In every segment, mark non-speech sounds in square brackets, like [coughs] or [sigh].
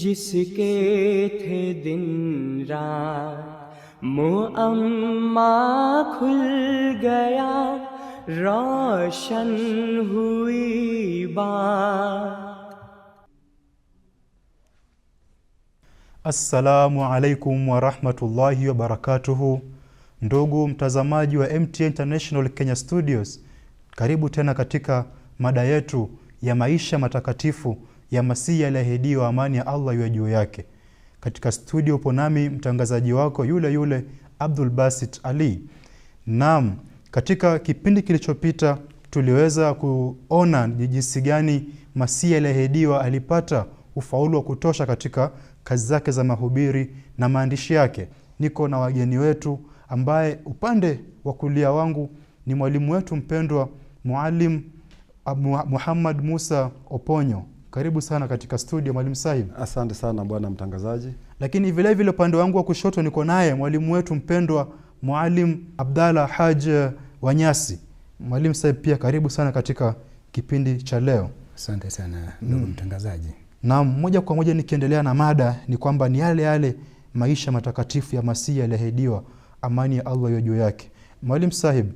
جس کے تھے دن दिन रात کھل گیا روشن ہوئی بات السلام Assalamu alaikum warahmatullahi wabarakatuhu. Ndugu mtazamaji wa MTA International Kenya Studios, karibu tena katika mada yetu ya maisha matakatifu ya Masihi aliyeahidiwa, amani ya Allah iwe juu yake. Katika studio upo nami mtangazaji wako yule yule Abdul Basit Ali. Naam, katika kipindi kilichopita tuliweza kuona ni jinsi gani Masihi aliyeahidiwa alipata ufaulu wa kutosha katika kazi zake za mahubiri na maandishi yake. Niko na wageni wetu ambaye upande wa kulia wangu ni mwalimu wetu mpendwa Mualim Ah, Muhammad Musa Oponyo, karibu sana katika studio mwalimu Sahib. Asante sana bwana mtangazaji. Lakini vile vile upande wangu wa kushoto niko naye mwalimu wetu mpendwa mwalim Abdalla Haj Wanyasi. Mwalimu Sahib pia karibu sana katika kipindi cha leo. Asante sana ndugu mm. mtangazaji. Naam, moja kwa moja nikiendelea na mada ni kwamba ni yale yale maisha matakatifu ya Masihi yaliahidiwa, amani ya Allah iwe juu yake. Mwalimu Sahib,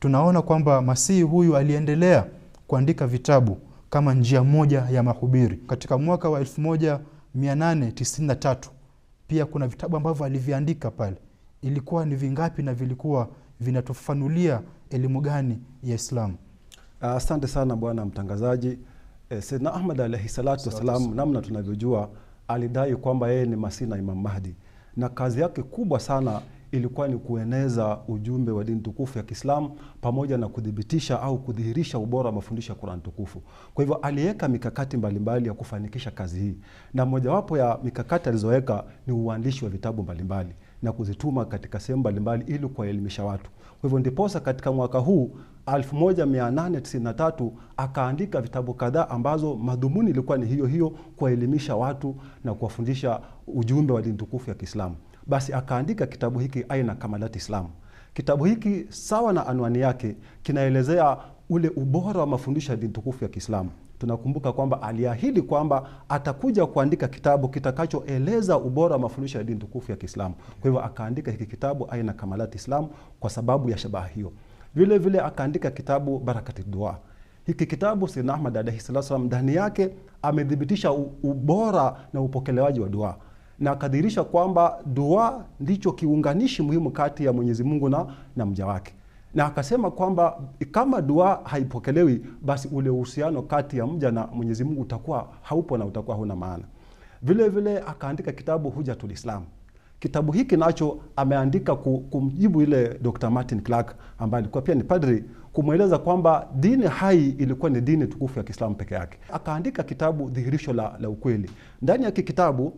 tunaona kwamba Masihi huyu aliendelea kuandika vitabu kama njia moja ya mahubiri. Katika mwaka wa 1893 pia kuna vitabu ambavyo aliviandika pale. Ilikuwa ni vingapi na vilikuwa vinatufanulia elimu gani ya Islamu? Ah, asante uh, sana bwana mtangazaji. Eh, Sayyidna Ahmad alayhi salatu wassalam, namna tunavyojua, alidai kwamba yeye ni Masihi na Imam Mahdi, na kazi yake kubwa sana ilikuwa ni kueneza ujumbe wa dini tukufu ya Kiislamu pamoja na kudhibitisha au kudhihirisha ubora wa mafundisho ya Qur'an tukufu. Kwa hivyo aliweka mikakati mbalimbali mbali ya kufanikisha kazi hii, na mojawapo ya mikakati alizoweka ni uandishi wa vitabu mbalimbali mbali na kuzituma katika sehemu mbalimbali ili kuwaelimisha watu. Kwa hivyo ndiposa katika mwaka huu 1893 akaandika vitabu kadhaa ambazo madhumuni ilikuwa ni hiyo hiyo, kuwaelimisha watu na kuwafundisha ujumbe wa dini tukufu ya Kiislamu basi akaandika kitabu hiki aina kamalat Islam. Kitabu hiki sawa na anwani yake kinaelezea ule ubora wa mafundisho ya dini tukufu ya Kiislamu. Tunakumbuka kwamba aliahidi kwamba atakuja kuandika kitabu kitakachoeleza ubora wa mafundisho ya dini tukufu ya Kiislamu. Kwa hivyo akaandika hiki kitabu aina kamalat Islam kwa sababu ya shabaha hiyo. Vile vile akaandika kitabu barakati dua. Hiki kitabu Sayyidna Ahmad alaihi salam ndani yake amethibitisha ubora na upokelewaji wa dua na akadhihirisha kwamba dua ndicho kiunganishi muhimu kati ya Mwenyezi Mungu na, na mja wake na akasema kwamba kama dua haipokelewi basi ule uhusiano kati ya mja na Mwenyezi Mungu utakuwa haupo na utakuwa huna maana. Vile vile akaandika kitabu Hujatul Islam. Kitabu hiki nacho ameandika kumjibu ile Dr. Martin Clark ambaye alikuwa pia ni padri, kumweleza kwamba dini hai ilikuwa ni dini tukufu ya Kiislamu peke yake. Akaandika kitabu Dhihirisho la, la Ukweli. Ndani ya kitabu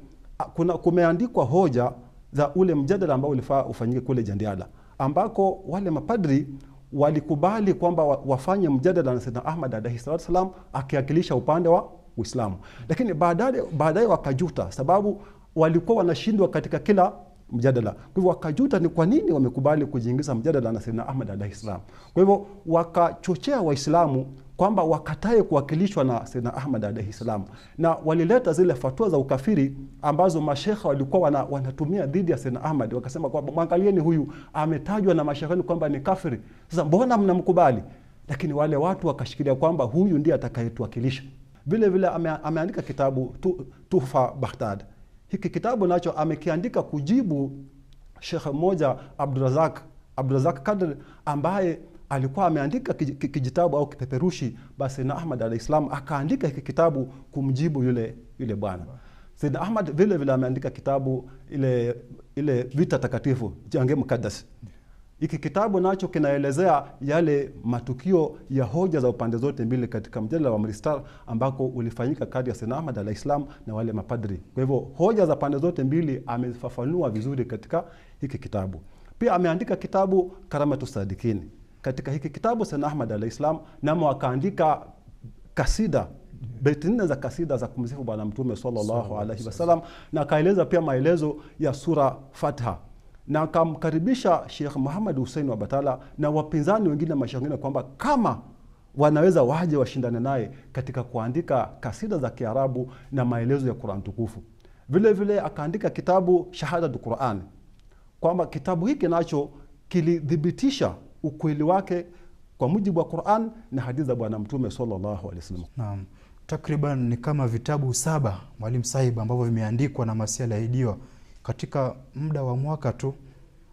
kuna kumeandikwa hoja za ule mjadala ambao ulifaa ufanyike kule Jandiala, ambako wale mapadri walikubali kwamba wafanye mjadala na Sayyidna Ahmad alaihi salatu wassalam upande wa Uislamu, lakini baadaye baadaye wakajuta, sababu walikuwa wanashindwa katika kila mjadala. Kwa hivyo wakajuta ni kwa nini wamekubali kujiingiza mjadala na Sayyidna Ahmad alaihi salam. Kwa hivyo wakachochea Waislamu kwamba wakatae kuwakilishwa na Sayyidina Ahmad alaihi salam, na walileta zile fatua za ukafiri ambazo mashekha walikuwa wana, wanatumia dhidi ya Sayyidina Ahmad, wakasema kwamba mwangalieni, huyu ametajwa na mashekhani kwamba ni kafiri, sasa mbona mnamkubali? Lakini wale watu wakashikilia kwamba huyu ndiye atakayetuwakilisha. Vile vile ame, ameandika kitabu tu, Tuhfa Baghdad. Hiki kitabu nacho amekiandika kujibu shekhe mmoja Abdurazak Abdurazak Kadri ambaye alikuwa ameandika kijitabu au kipeperushi, basi na Ahmad alahislam akaandika hiki kitabu kumjibu yule, yule bwana. Saidna Ahmad vile vile ameandika kitabu ile, ile vita takatifu jange mukaddas. Hiki kitabu nacho kinaelezea yale matukio ya hoja za upande zote mbili katika mjadala wa Mristal ambako ulifanyika kati ya Saidna Ahmad alahislam na wale mapadri. Kwa hivyo hoja za pande zote mbili amefafanua vizuri katika hiki kitabu. Pia ameandika kitabu Karamatu Sadikini katika hiki kitabu sana Ahmad alahislam, namo akaandika kasida beti nne za kasida za kumsifu Bwana Mtume sallallahu alaihi wasallam, na akaeleza pia maelezo ya sura fatha na akamkaribisha Sheikh Muhammad Hussein wa Batala na wapinzani wengine na masheikh wengine kwamba kama wanaweza waje washindane naye katika kuandika kasida za Kiarabu na maelezo ya Qur'an tukufu. Vile vile akaandika kitabu Shahadatul Qur'an, kwamba kitabu hiki nacho kilithibitisha ukweli wake kwa mujibu wa Qur'an na hadithi za Bwana Mtume sallallahu alaihi wasallam. Naam. Takriban ni kama vitabu saba Mwalimu Sahib ambavyo vimeandikwa na masiala yaidiwa katika muda wa mwaka tu,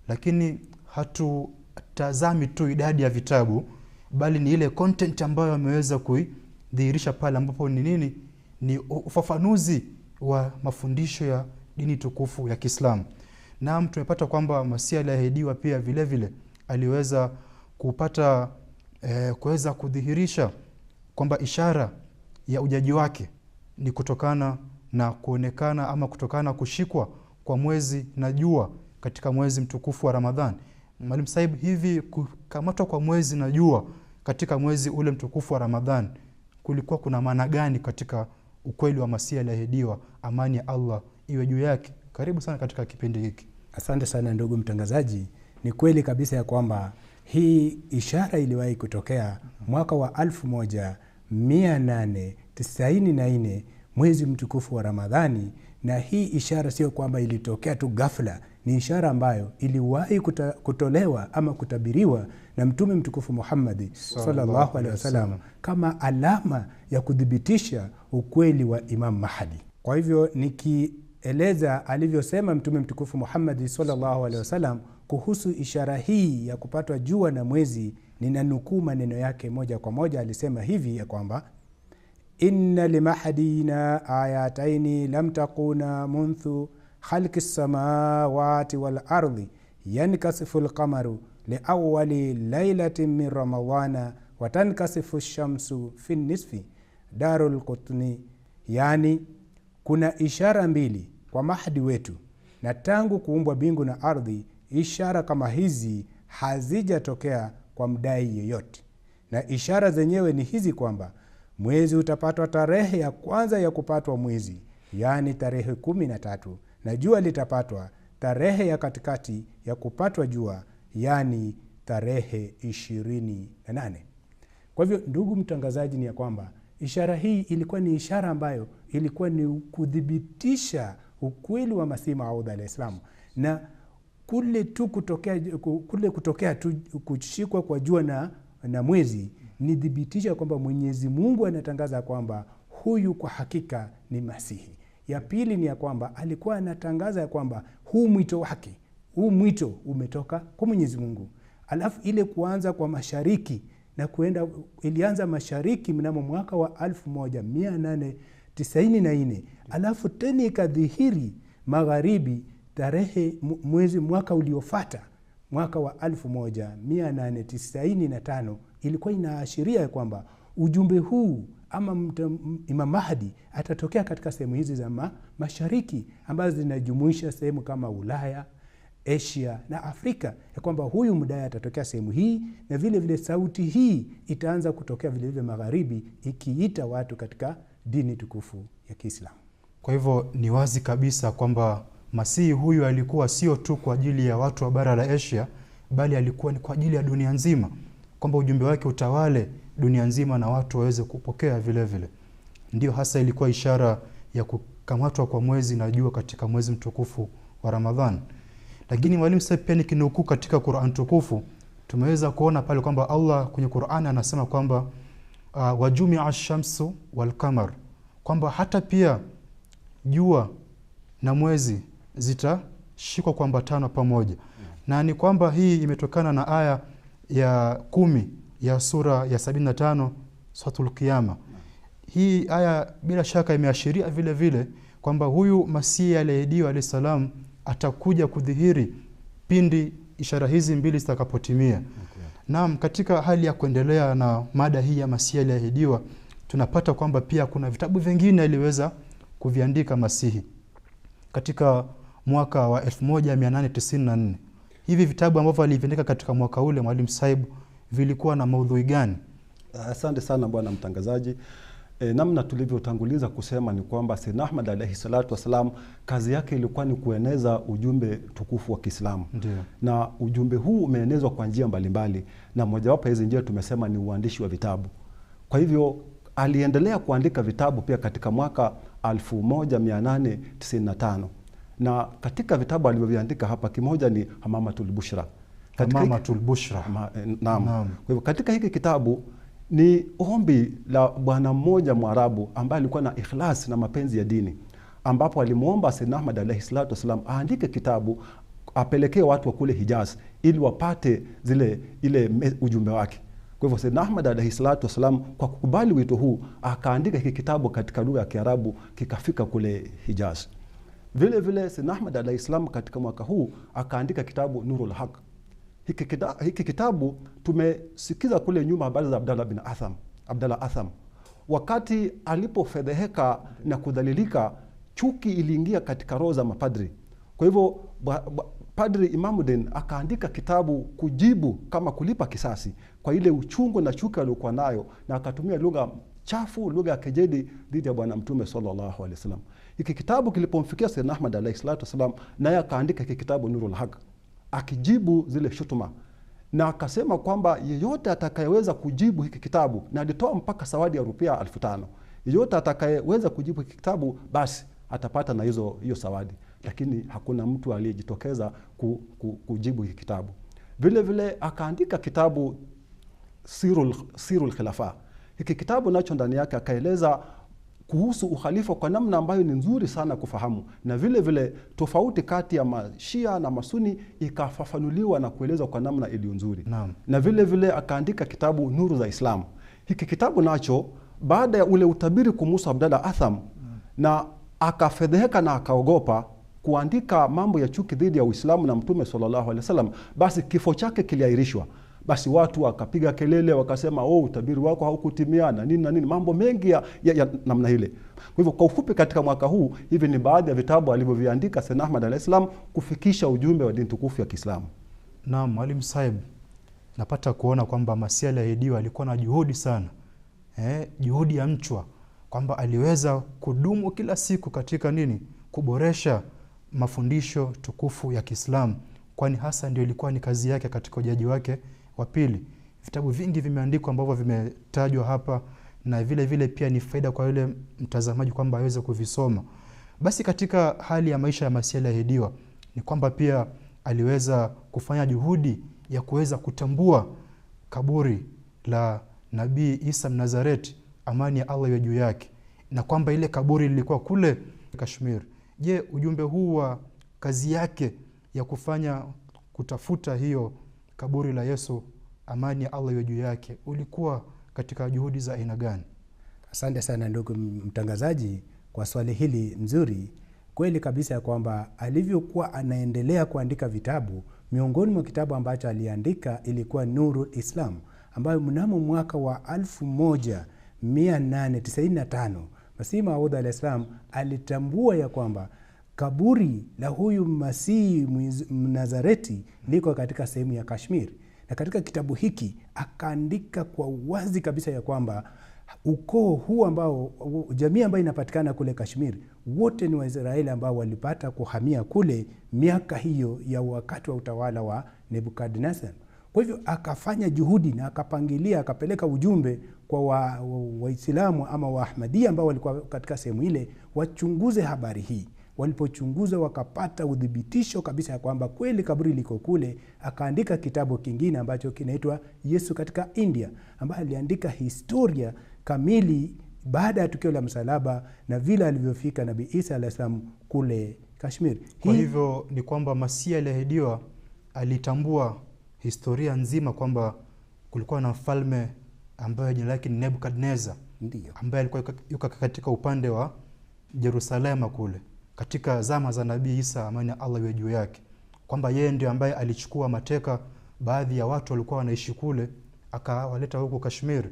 lakini hatutazami tu idadi ya vitabu, bali ni ile content ambayo ameweza kuidhihirisha pale, ambapo ni nini? Ni ufafanuzi wa mafundisho ya dini tukufu ya Kiislamu. Naam, tumepata kwamba masiala yaidiwa pia vilevile vile aliweza kupata e, kuweza kudhihirisha kwamba ishara ya ujaji wake ni kutokana na kuonekana ama kutokana kushikwa kwa mwezi na jua katika mwezi mtukufu wa ramadhan Mwalimu Saib, hivi kukamatwa kwa mwezi na jua katika mwezi ule mtukufu wa ramadhan kulikuwa kuna maana gani katika ukweli wa Masihi aliyeahidiwa, amani ya Allah iwe juu yake? Karibu sana katika kipindi hiki. Asante sana ndugu mtangazaji. Ni kweli kabisa ya kwamba hii ishara iliwahi kutokea mwaka wa 1894 mwezi mtukufu wa Ramadhani, na hii ishara sio kwamba ilitokea tu ghafla, ni ishara ambayo iliwahi kuta, kutolewa ama kutabiriwa na Mtume mtukufu Muhammadi sallallahu alaihi wasallam kama alama ya kuthibitisha ukweli wa Imam Mahdi. Kwa hivyo nikieleza alivyosema Mtume mtukufu Muhammadi sallallahu alaihi wasallam kuhusu ishara hii ya kupatwa jua na mwezi, ninanukuu maneno yake moja kwa moja. Alisema hivi ya kwamba inna limahdina ayataini lam takuna munthu khalqi samawati wal ardhi yankasifu lqamaru liawali lailatin min ramadana watankasifu shamsu fi nisfi daru lkutni, yani kuna ishara mbili kwa mahdi wetu na tangu kuumbwa mbingu na ardhi ishara kama hizi hazijatokea kwa mdai yeyote, na ishara zenyewe ni hizi kwamba mwezi utapatwa tarehe ya kwanza ya kupatwa mwezi, yaani tarehe kumi na tatu, na jua litapatwa tarehe ya katikati ya kupatwa jua, yaani tarehe ishirini na nane. Kwa hivyo, ndugu mtangazaji, ni ya kwamba ishara hii ilikuwa ni ishara ambayo ilikuwa ni kuthibitisha ukweli wa Masihi Maud alaihis na kule tu kutokea, kule kutokea tu kushikwa kwa jua na, na mwezi ni dhibitisha kwamba Mwenyezi Mungu anatangaza kwamba huyu kwa hakika ni Masihi. Ya pili ni ya kwamba alikuwa anatangaza ya kwamba huu mwito wake, huu mwito umetoka kwa Mwenyezi Mungu. Alafu ile kuanza kwa mashariki na kuenda, ilianza mashariki mnamo mwaka wa 1894 alafu tena ikadhihiri magharibi tarehe mwezi mwaka uliofata mwaka wa 1895 ilikuwa inaashiria kwamba ujumbe huu ama mta, Imam Mahdi atatokea katika sehemu hizi za ma, mashariki ambazo zinajumuisha sehemu kama Ulaya, Asia na Afrika, ya kwamba huyu mdai atatokea sehemu hii, na vile vile sauti hii itaanza kutokea vile vile magharibi, ikiita watu katika dini tukufu ya Kiislamu. Kwa hivyo ni wazi kabisa kwamba Masihi huyu alikuwa sio tu kwa ajili ya watu wa bara la Asia, bali alikuwa ni kwa ajili ya dunia nzima, kwamba ujumbe wake utawale dunia nzima na watu waweze kupokea vile vile. Ndio hasa ilikuwa ishara ya kukamatwa kwa mwezi na jua katika mwezi mtukufu wa Ramadhan. Lakini mwalimu, sasa pia nikinukuu katika Qur'an tukufu tumeweza kuona pale kwamba Allah kwenye Qur'an anasema kwamba uh, ah, wajumia ash-shamsu wal kwamba hata pia jua na mwezi zitashikwa kuambatana pamoja na ni kwamba hii imetokana na aya ya kumi ya sura ya sabini na tano suratul Hii aya bila shaka imeashiria vile vile kwamba huyu Masihi aliyeahidiwa alayhi salam atakuja kudhihiri pindi ishara hizi mbili zitakapotimia. Okay. Naam, katika hali ya kuendelea na mada hii ya Masihi aliyeahidiwa tunapata kwamba pia kuna vitabu vingine aliweza kuviandika Masihi katika mwaka wa 1894. Hivi vitabu ambavyo aliviandika katika mwaka ule, Mwalimu Saibu, vilikuwa na maudhui gani? Uh, asante sana bwana mtangazaji. E, namna tulivyotanguliza kusema ni kwamba Sayyidna Ahmad alayhi salatu wassalam kazi yake ilikuwa ni kueneza ujumbe tukufu wa Kiislamu. Na ujumbe huu umeenezwa kwa njia mbalimbali na mojawapo hizi njia tumesema ni uandishi wa vitabu. Kwa hivyo aliendelea kuandika vitabu pia katika mwaka 1895 na katika vitabu alivyoviandika hapa kimoja ni Hamamatul Bushra. Hamamatul eh, Bushra. Naam. Kwa hivyo katika hiki kitabu ni ombi la bwana mmoja Mwarabu ambaye alikuwa na ikhlas na mapenzi ya dini, ambapo alimwomba Sayyidna Ahmad alayhi salatu wasalam aandike kitabu apelekee watu wa kule Hijaz ili wapate zile ile ujumbe wake. Kwa hivyo Sayyidna Ahmad alayhi salatu wasalam kwa kukubali wito huu akaandika hiki kitabu katika lugha ya Kiarabu kikafika kule Hijaz. Vile vile Sayyidna Ahmad alahissalam katika mwaka huu akaandika kitabu Nurul Haq. Hiki, kita, hiki kitabu tumesikiza kule nyuma habari za Abdallah bin Atham, Abdallah Atham wakati alipofedheheka na kudhalilika, chuki iliingia katika roho za mapadri. Kwa hivyo Padri Imamuddin akaandika kitabu kujibu kama kulipa kisasi kwa ile uchungu na chuki aliokuwa nayo, na akatumia lugha chafu, lugha ya kejeli dhidi ya Bwana Mtume sallallahu alaihi wasallam. Hiki kitabu kilipomfikia Sayyidina Ahmad alayhi salatu wasalam, naye akaandika hiki kitabu Nurul Haq akijibu zile shutuma na akasema kwamba yeyote atakayeweza kujibu hiki kitabu, na alitoa mpaka sawadi ya rupia elfu tano yeyote atakayeweza kujibu hiki kitabu basi atapata na hizo hiyo sawadi, lakini hakuna mtu aliyejitokeza ku, ku, kujibu hiki kitabu. Vile vile akaandika kitabu Sirul, Sirul Khilafa. Hiki kitabu nacho ndani yake akaeleza kuhusu ukhalifa kwa namna ambayo ni nzuri sana kufahamu, na vile vile tofauti kati ya mashia na masuni ikafafanuliwa na kuelezwa kwa namna iliyo nzuri na, na vile vile akaandika kitabu Nuru za Islam. Hiki kitabu nacho baada ya ule utabiri kumuhusu abdala Atham hmm. na akafedheheka na akaogopa kuandika mambo ya chuki dhidi ya Uislamu na Mtume sallallahu alaihi basi kifo chake kiliairishwa basi watu wakapiga kelele, wakasema oh, utabiri wako haukutimia na nini na nini, mambo mengi ya, ya, ya namna ile. Kwa hivyo kwa ufupi, katika mwaka huu, hivi ni baadhi ya vitabu alivyoviandika Sayyidna Ahmad alaihis salam kufikisha ujumbe wa dini tukufu ya Kiislamu. Naam, Mwalimu saib napata kuona kwamba Masih aliahidiwa alikuwa na juhudi sana eh, juhudi ya mchwa kwamba aliweza kudumu kila siku katika nini, kuboresha mafundisho tukufu ya Kiislamu, kwani hasa ndio ilikuwa ni kazi yake katika ujaji wake wa pili, vitabu vingi vimeandikwa ambavyo vimetajwa hapa na vile vile pia ni faida kwa yule mtazamaji kwamba aweze kuvisoma. Basi katika hali ya maisha ya Masihi aliahidiwa ni kwamba pia aliweza kufanya juhudi ya kuweza kutambua kaburi la Nabii Isa Mnazareti, amani ya Allah iwe juu yake, na kwamba ile kaburi lilikuwa kule Kashmir. Je, ujumbe huu wa kazi yake ya kufanya kutafuta hiyo kaburi la Yesu, amani ya Allah iwe juu yake, ulikuwa katika juhudi za aina gani? Asante sana ndugu mtangazaji kwa swali hili mzuri. Kweli kabisa ya kwamba alivyokuwa anaendelea kuandika vitabu, miongoni mwa kitabu ambacho aliandika ilikuwa Nurul Islam ambayo mnamo mwaka wa 1895 Masihi Maud alaihis alitambua ya kwamba kaburi la huyu Masihi Mnazareti liko katika sehemu ya Kashmir, na katika kitabu hiki akaandika kwa wazi kabisa ya kwamba ukoo huu ambao jamii ambayo inapatikana kule Kashmir wote ni Waisraeli ambao walipata kuhamia kule miaka hiyo ya wakati wa utawala wa Nebukadnezar. Kwa hivyo akafanya juhudi na akapangilia, akapeleka ujumbe kwa Waislamu wa, wa ama Waahmadia ambao walikuwa katika sehemu ile wachunguze habari hii. Walipochunguza wakapata udhibitisho kabisa ya kwamba kweli kaburi liko kule. Akaandika kitabu kingine ambacho kinaitwa Yesu katika India, ambaye aliandika historia kamili baada ya tukio la msalaba na vile alivyofika Nabii Isa alah salam kule Kashmir. Kwa hivyo ni kwamba Masia aliahidiwa alitambua historia nzima kwamba kulikuwa na mfalme ambaye jina lake ni Nebukadnezar ambaye alikuwa yuko katika upande wa Jerusalema kule katika zama za Nabii Isa, amani ya Allah iwe juu yake, kwamba yeye ndio ambaye alichukua mateka baadhi ya watu walikuwa wanaishi kule akawaleta huko Kashmir.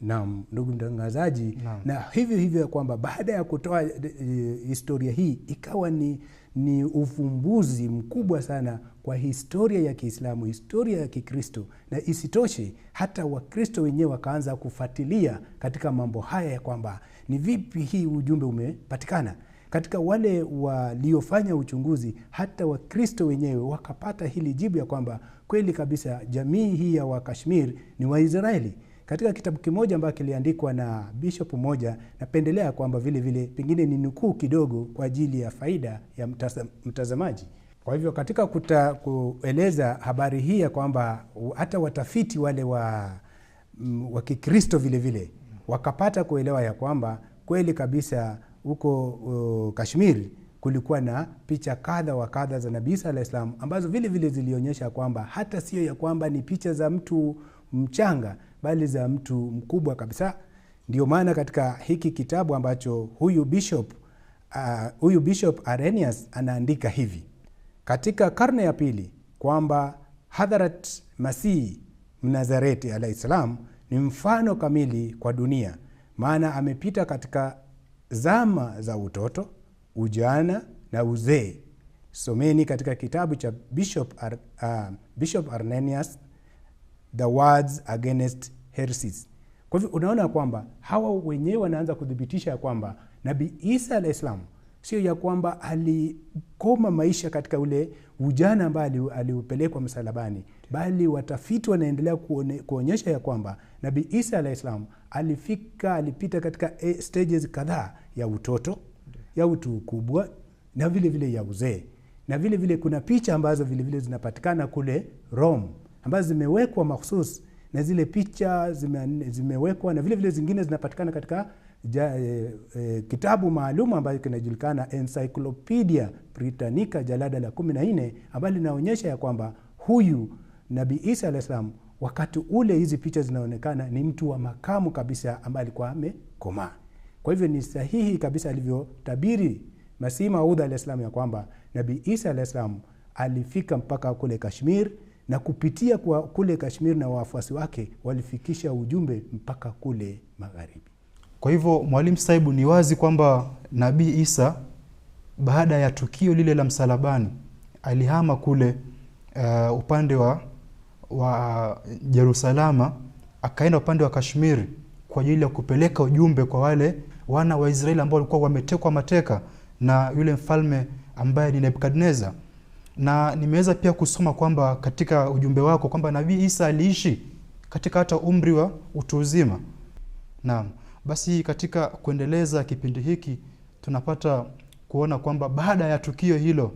nam ndugu mtangazaji, na hivyo hivyo kwamba baada ya kutoa e, historia hii ikawa ni, ni ufumbuzi mkubwa sana kwa historia ya Kiislamu, historia ya Kikristo, na isitoshe hata Wakristo wenyewe wakaanza kufuatilia katika mambo haya ya kwamba ni vipi hii ujumbe umepatikana katika wale waliofanya uchunguzi, hata Wakristo wenyewe wakapata hili jibu ya kwamba kweli kabisa jamii hii ya Wakashmir ni Waisraeli. Katika kitabu kimoja ambacho kiliandikwa na bishop mmoja, napendelea kwamba vile vile pengine ni nukuu kidogo kwa ajili ya faida ya mtazamaji. Kwa hivyo katika kuta, kueleza habari hii ya kwamba hata watafiti wale wa, mm, wa Kikristo vile vile wakapata kuelewa ya kwamba kweli kabisa huko Kashmir uh, Kashmiri kulikuwa na picha kadha wa kadha za Nabii Isa alayhi salam ambazo vile vile zilionyesha kwamba hata sio ya kwamba ni picha za mtu mchanga, bali za mtu mkubwa kabisa. Ndio maana katika hiki kitabu ambacho huyu bishop uh, huyu bishop Arrhenius anaandika hivi katika karne ya pili kwamba Hadhrat Masihi Mnazareti alayhi salam ni mfano kamili kwa dunia, maana amepita katika zama za utoto, ujana na uzee. Someni katika kitabu cha Bishop, Ar, uh, Bishop Arnenius The Words Against Heresies. Kwa hivyo unaona kwamba hawa wenyewe wanaanza kuthibitisha ya kwamba Nabii Isa alaislam sio ya kwamba alikoma maisha katika ule ujana ambaye aliupelekwa msalabani, bali watafiti wanaendelea kuone, kuonyesha ya kwamba Nabii Isa alah alifika alipita katika eh, stages kadhaa ya utoto ya utu ukubwa na vile vile ya uzee, na vile vile kuna picha ambazo vile vile zinapatikana kule Rome ambazo zimewekwa mahsusi na zile picha zime, zimewekwa na vile vile zingine zinapatikana katika ja, e, e, kitabu maalum ambacho kinajulikana Encyclopedia Britannica jalada la 14 ambalo linaonyesha ya kwamba huyu Nabii Isa alayhi salam wakati ule hizi picha zinaonekana ni mtu wa makamu kabisa ambaye alikuwa amekomaa. Kwa hivyo ni sahihi kabisa alivyotabiri Masihi Maud alaihis salaam ya kwamba Nabii Isa alaihis salaam alifika mpaka kule Kashmir na kupitia kwa kule Kashmir na wafuasi wake walifikisha ujumbe mpaka kule magharibi. Kwa hivyo, Mwalimu Saibu, ni wazi kwamba Nabii Isa baada ya tukio lile la msalabani alihama kule uh, upande wa wa Yerusalama akaenda upande wa Kashmiri kwa ajili ya kupeleka ujumbe kwa wale wana wa Israeli ambao walikuwa wametekwa mateka na yule mfalme ambaye ni Nebukadneza. Na nimeweza pia kusoma kwamba katika ujumbe wako kwamba Nabii Isa aliishi katika hata umri wa utu uzima. Naam. Basi katika kuendeleza kipindi hiki tunapata kuona kwamba baada ya tukio hilo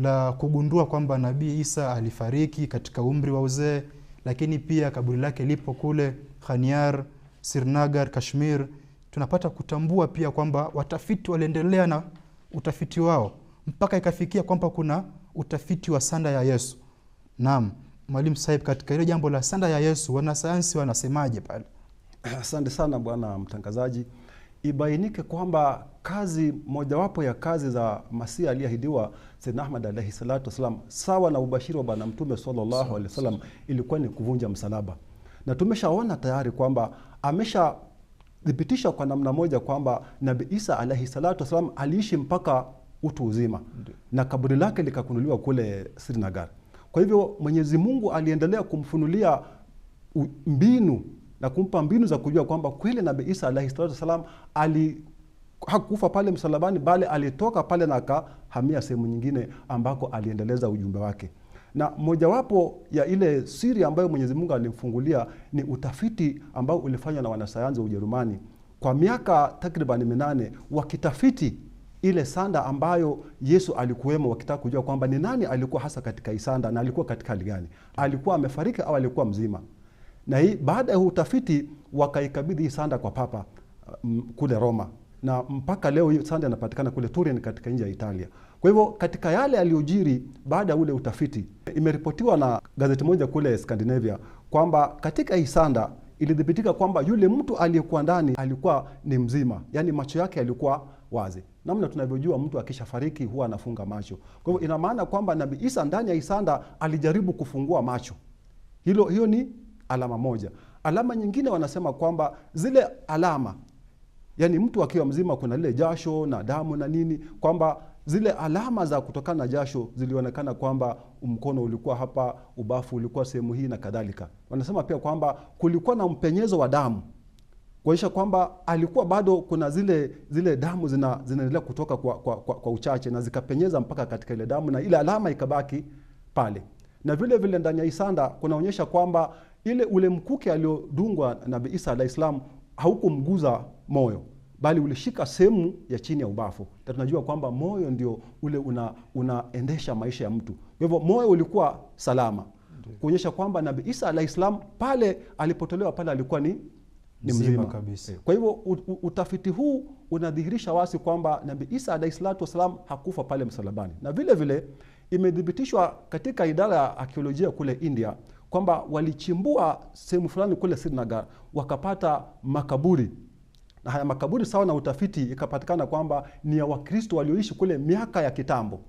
la kugundua kwamba Nabii Isa alifariki katika umri wa uzee, lakini pia kaburi lake lipo kule khaniar sirnagar Kashmir. Tunapata kutambua pia kwamba watafiti waliendelea na utafiti wao mpaka ikafikia kwamba kuna utafiti wa sanda ya Yesu. Naam, Mwalimu Sahib, katika hilo jambo la sanda ya Yesu wanasayansi wanasemaje pale? [coughs] Asante sana bwana mtangazaji ibainike kwamba kazi mojawapo ya kazi za Masihi aliyeahidiwa Sayyidna Ahmad alaihi salatu wassalam, sawa na ubashiri wa Bwana Mtume sallallahu alaihi wasallam, ilikuwa ni kuvunja msalaba, na tumeshaona tayari kwamba amesha thibitisha kwa namna moja kwamba nabi Isa alaihi salatu wassalam aliishi mpaka utu uzima na kaburi lake likakunuliwa kule Srinagar. Kwa hivyo Mwenyezi Mungu aliendelea kumfunulia mbinu na kumpa mbinu za kujua kwamba kweli Nabii Isa alaihi salatu wassalam ali hakufa pale msalabani, bali alitoka pale na akahamia sehemu nyingine ambako aliendeleza ujumbe wake. Na mojawapo ya ile siri ambayo Mwenyezi Mungu alimfungulia ni utafiti ambao ulifanywa na wanasayansi wa Ujerumani kwa miaka takriban minane, wakitafiti ile sanda ambayo Yesu alikuwemo, wakitaka kujua kwamba ni nani alikuwa hasa katika isanda na alikuwa katika hali gani, alikuwa amefariki au alikuwa mzima. Na hii baada ya utafiti wakaikabidhi hii sanda kwa papa uh, m, kule Roma na mpaka leo hii sanda inapatikana kule Turin katika nchi ya Italia. Kwa hivyo katika yale yaliyojiri baada ya ule utafiti, imeripotiwa na gazeti moja kule Scandinavia kwamba katika hii sanda ilithibitika kwamba yule mtu aliyekuwa ndani alikuwa ni mzima, yaani macho yake yalikuwa wazi. Namna tunavyojua mtu akishafariki huwa anafunga macho. Kwa hivyo ina maana kwamba Nabii Isa ndani ya isanda alijaribu kufungua macho. Hilo hiyo ni alama moja. Alama nyingine wanasema kwamba zile alama, yani mtu akiwa mzima, kuna lile jasho na damu na nini, kwamba zile alama za kutokana na jasho zilionekana kwamba mkono ulikuwa hapa, ubafu ulikuwa sehemu hii na kadhalika. Wanasema pia kwamba kulikuwa na mpenyezo wa damu kuonyesha kwamba alikuwa bado kuna zile zile damu zina, zinaendelea kutoka kwa, kwa, kwa, kwa uchache na zikapenyeza mpaka katika ile damu na ile alama ikabaki pale. Na vile vile ndani ya isanda kunaonyesha kwamba ile ule mkuke aliodungwa nabi Isa alahislam haukumguza moyo bali ulishika sehemu ya chini ya ubafu na tunajua kwamba moyo ndio ule una, unaendesha maisha ya mtu. Kwa hivyo moyo ulikuwa salama kuonyesha kwamba nabi Isa alahislam pale alipotolewa pale alikuwa ni ni mzima kabisa. Kwa hivyo utafiti huu unadhihirisha wasi kwamba nabi Isa alayhi salatu hakufa pale msalabani, na vile vile imethibitishwa katika idara ya akiolojia kule India kwamba walichimbua sehemu fulani kule Srinagar wakapata makaburi na haya makaburi sawa na utafiti ikapatikana kwamba ni ya Wakristo walioishi kule miaka ya kitambo,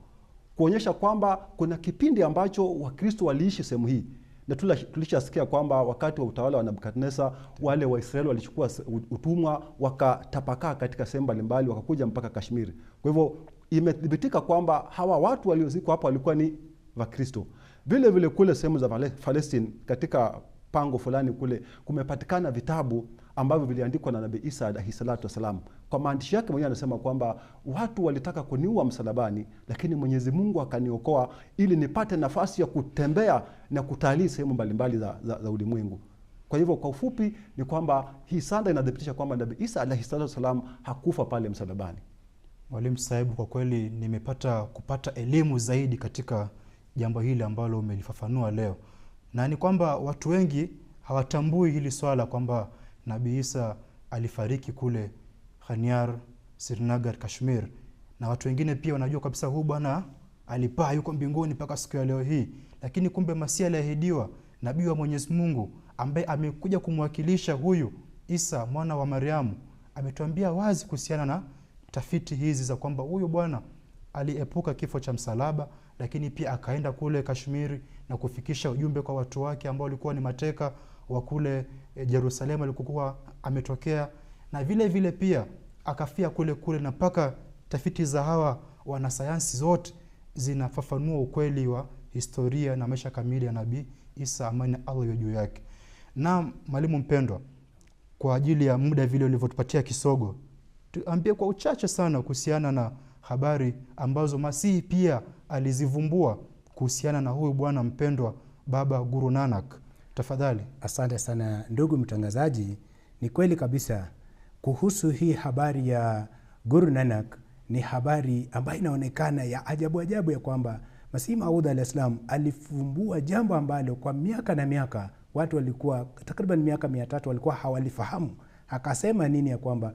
kuonyesha kwamba kuna kipindi ambacho Wakristo waliishi sehemu hii na tulishasikia kwamba wakati wa utawala wa nebukadnesa wale Waisraeli walichukua utumwa wakatapakaa katika sehemu mbalimbali wakakuja mpaka Kashmiri. Kwa hivyo imethibitika kwamba hawa watu waliozikwa hapa walikuwa ni Wakristo. Vile vile kule sehemu za Palestine katika pango fulani kule kumepatikana vitabu ambavyo viliandikwa na Nabii Isa alayhi salatu wassalam. Kwa maandishi yake mwenyewe anasema kwamba watu walitaka kuniua msalabani, lakini Mwenyezi Mungu akaniokoa ili nipate nafasi ya kutembea na kutalii sehemu mbalimbali za, za, za ulimwengu. Kwa hivyo kwa ufupi ni kwamba hii sanda inathibitisha kwamba Nabii Isa alayhi salatu wassalam hakufa pale msalabani. Mwalimu Sahibu, kwa kweli nimepata kupata elimu zaidi katika jambo hili ambalo umelifafanua leo, na ni kwamba watu wengi hawatambui hili swala kwamba Nabii Isa alifariki kule khaniar Srinagar, Kashmir, na watu wengine pia wanajua kabisa huu bwana alipaa yuko mbinguni mpaka siku ya leo hii, lakini kumbe Masihi aliahidiwa, nabii wa Mwenyezi Mungu ambaye amekuja kumwakilisha huyu Isa mwana wa Mariamu, ametuambia wazi kuhusiana na tafiti hizi za kwamba huyu bwana aliepuka kifo cha msalaba lakini pia akaenda kule Kashmiri na kufikisha ujumbe kwa watu wake ambao walikuwa ni mateka wa kule eh, Jerusalemu alikokuwa ametokea, na vile vile pia akafia kule kule, na mpaka tafiti za hawa wanasayansi zote zinafafanua ukweli wa historia na maisha kamili ya Nabii Isa, amani Allah iwe juu yake. Na mwalimu mpendwa, kwa ajili ya muda vile ulivyotupatia kisogo, tuambie kwa uchache sana kuhusiana na habari ambazo Masihi pia alizivumbua kuhusiana na huyu bwana mpendwa Baba Guru Nanak. Tafadhali. Asante sana ndugu mtangazaji, ni kweli kabisa kuhusu hii habari ya Guru Nanak. Ni habari ambayo inaonekana ya ajabu ajabu ya kwamba Masihi Maud alaihis salam alifumbua jambo ambalo kwa miaka na miaka watu walikuwa takriban miaka mia tatu walikuwa hawalifahamu. Akasema nini ya kwamba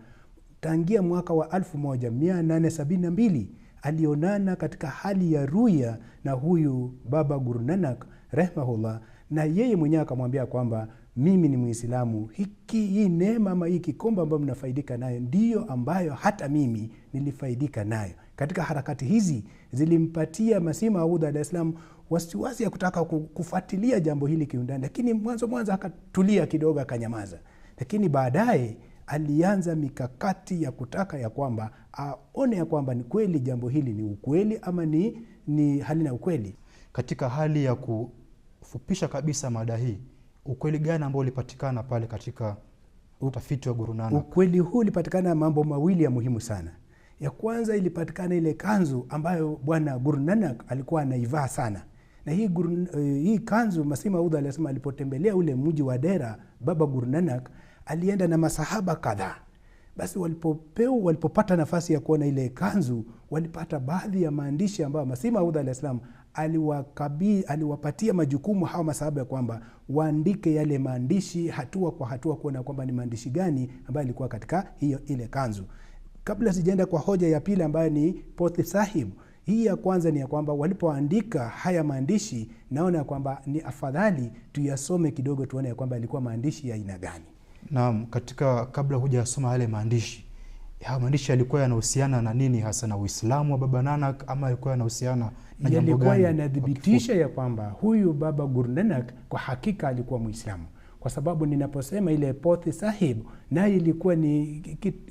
Tangia mwaka wa 1872 alionana katika hali ya ruya na huyu Baba Guru Nanak rahmahullah, na yeye mwenyewe akamwambia kwamba mimi ni Muislamu, hiki hii neema ama hii kikombe ambayo mnafaidika nayo ndiyo ambayo hata mimi nilifaidika nayo. Katika harakati hizi zilimpatia Masihi Maud alaihis salam wasiwasi ya kutaka kufuatilia jambo hili kiundani, lakini mwanzo mwanzo akatulia kidogo, akanyamaza, lakini baadaye alianza mikakati ya kutaka ya kwamba aone ya kwamba ni kweli jambo hili ni ukweli ama ni, ni halina ukweli. Katika hali ya kufupisha kabisa mada hii, ukweli gani ambao ulipatikana pale katika utafiti wa Guru Nanak? Ukweli huu ulipatikana mambo mawili ya muhimu sana. Ya kwanza ilipatikana ile kanzu ambayo bwana Guru Nanak alikuwa anaivaa sana na hii, guru, eh, hii kanzu Masih Maud alisema alipotembelea ule mji wa Dera, baba Guru Nanak alienda na masahaba kadhaa. Basi walipopewa walipopata nafasi ya kuona ile kanzu, walipata baadhi ya maandishi ambayo Masihi Maud alaihis aliwapatia majukumu hawa masahaba ya kwamba waandike yale maandishi hatua kwa hatua, kuona kwamba ni maandishi gani ambayo alikuwa katika hiyo ile kanzu. Kabla sijaenda kwa hoja ya pili ambayo ni pothi sahibu hii ya kwanza ni ya kwamba walipoandika haya maandishi, naona ya kwamba ni afadhali tuyasome kidogo, tuone ya kwamba yalikuwa maandishi ya aina gani. Naam, katika kabla hujasoma yale maandishi ya maandishi yalikuwa yanahusiana na nini hasa na Uislamu wa Baba Nanak ama yalikuwa yanahusiana na jambo gani? Yalikuwa yanadhibitisha ya kwamba huyu Baba Guru Nanak kwa hakika alikuwa Muislamu, kwa sababu ninaposema ile pothi sahib, naye ilikuwa ni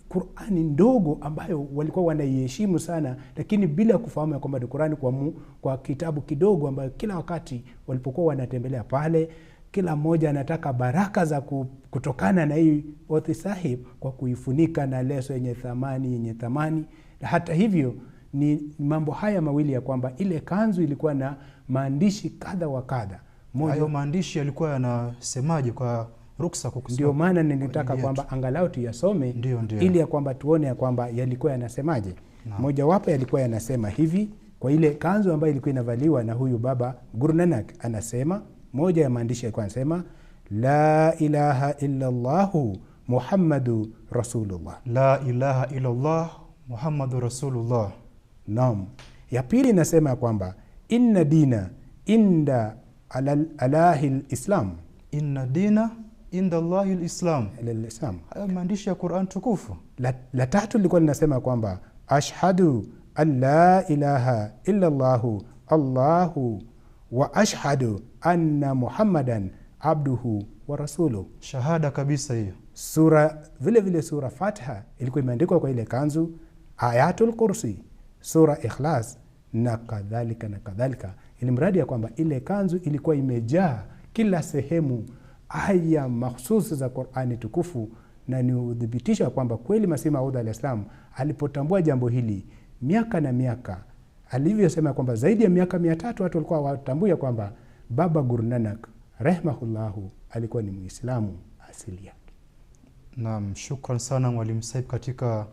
Qurani ndogo ambayo walikuwa wanaiheshimu sana, lakini bila kufahamu ya kwamba ni Qurani kwa, mu, kwa kitabu kidogo ambayo kila wakati walipokuwa wanatembelea pale kila mmoja anataka baraka za kutokana na hii othi sahib kwa kuifunika na leso yenye thamani yenye thamani. Na hata hivyo ni mambo haya mawili ya kwamba ile kanzu ilikuwa na maandishi kadha wa kadha. Hayo maandishi yalikuwa yanasemaje kwa ruksa? Ndio maana nilitaka kwamba angalau tuyasome ili ya kwamba tuone ya kwamba yalikuwa yanasemaje. Mojawapo yalikuwa yanasema hivi kwa ile kanzu ambayo ilikuwa inavaliwa na huyu baba Guru anasema moja ya maandishi yalikuwa anasema la ilaha illa llahu muhammadu rasulullah, la ilaha illa llah muhammadu rasulullah. Naam, ya pili inasema kwamba inna dina inda alahi lislam, inna dina inda allahi lislam, hayo maandishi ya Quran tukufu. La, la tatu lilikuwa linasema kwamba ashhadu an la ilaha illa allahu, allahu wa ashhadu anna Muhammadan abduhu wa rasuluh, shahada kabisa hiyo. Sura vile vile sura fatha ilikuwa imeandikwa kwa ile kanzu, Ayatul Kursi, sura Ikhlas na kadhalika na kadhalika, ili mradi ya kwamba ile kanzu ilikuwa imejaa kila sehemu aya mahsusi za Qur'ani tukufu, na ni udhibitisho kwamba kweli Masihi Maud alaihis salam alipotambua jambo hili miaka na miaka alivyosema kwamba zaidi ya miaka mia tatu watu walikuwa watambuia kwamba Baba Gurnanak rehmahullahu alikuwa ni Muislamu asili yake. Naam, shukran sana Mwalimu Saib katika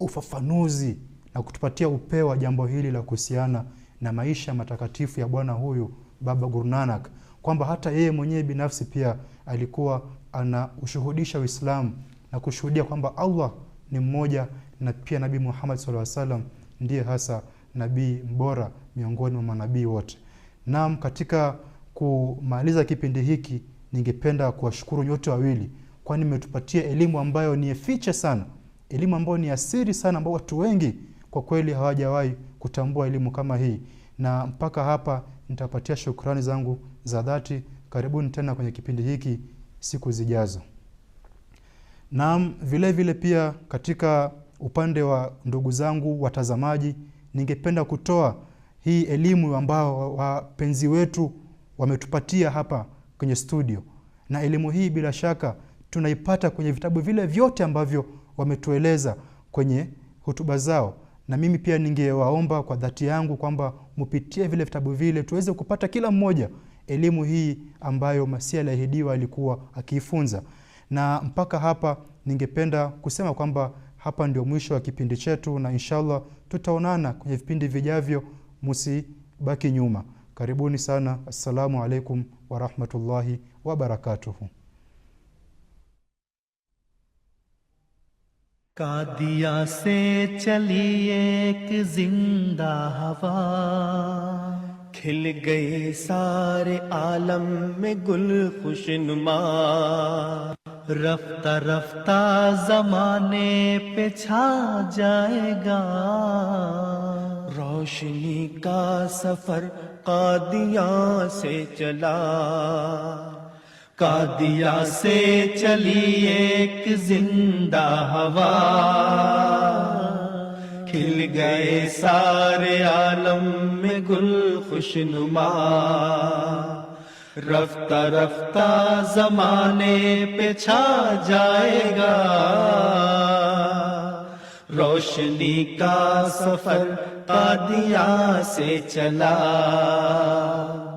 ufafanuzi na kutupatia upeo wa jambo hili la kuhusiana na maisha matakatifu ya bwana huyu Baba Gurnanak, kwamba hata yeye mwenyewe binafsi pia alikuwa anaushuhudisha Uislamu na kushuhudia kwamba Allah ni mmoja na pia Nabii Muhammad sallallahu alaihi wasallam ndiye hasa nabii mbora miongoni mwa manabii wote. nam katika kumaliza kipindi hiki, ningependa kuwashukuru nyote wawili, kwani metupatia elimu ambayo ni fiche sana, elimu ambayo ni asiri sana, ambao watu wengi kwa kweli hawajawahi kutambua elimu kama hii. Na mpaka hapa nitapatia shukrani zangu za dhati. Karibuni tena kwenye kipindi hiki siku zijazo. Naam, vile vile pia katika upande wa ndugu zangu watazamaji ningependa kutoa hii elimu ambao wapenzi wetu wametupatia hapa kwenye studio, na elimu hii bila shaka tunaipata kwenye vitabu vile vyote ambavyo wametueleza kwenye hotuba zao, na mimi pia ningewaomba kwa dhati yangu kwamba mupitie vile vitabu vile, tuweze kupata kila mmoja elimu hii ambayo Masihi aliahidiwa alikuwa akiifunza. Na mpaka hapa ningependa kusema kwamba hapa ndio mwisho wa kipindi chetu, na inshallah tutaonana kwenye vipindi vijavyo, musibaki nyuma. Karibuni sana. Assalamu alaikum warahmatullahi wabarakatuhu. kadia se chali ek zinda hawa khil gaye sare alam mein gul khushnuma رفتہ رفتہ زمانے پہ چھا جائے گا روشنی کا سفر قادیاں سے چلا قادیاں سے چلی ایک زندہ ہوا کھل گئے سارے عالم میں گل خوش نما رفتہ رفتہ زمانے پہ چھا جائے گا روشنی کا سفر قادیاں سے چلا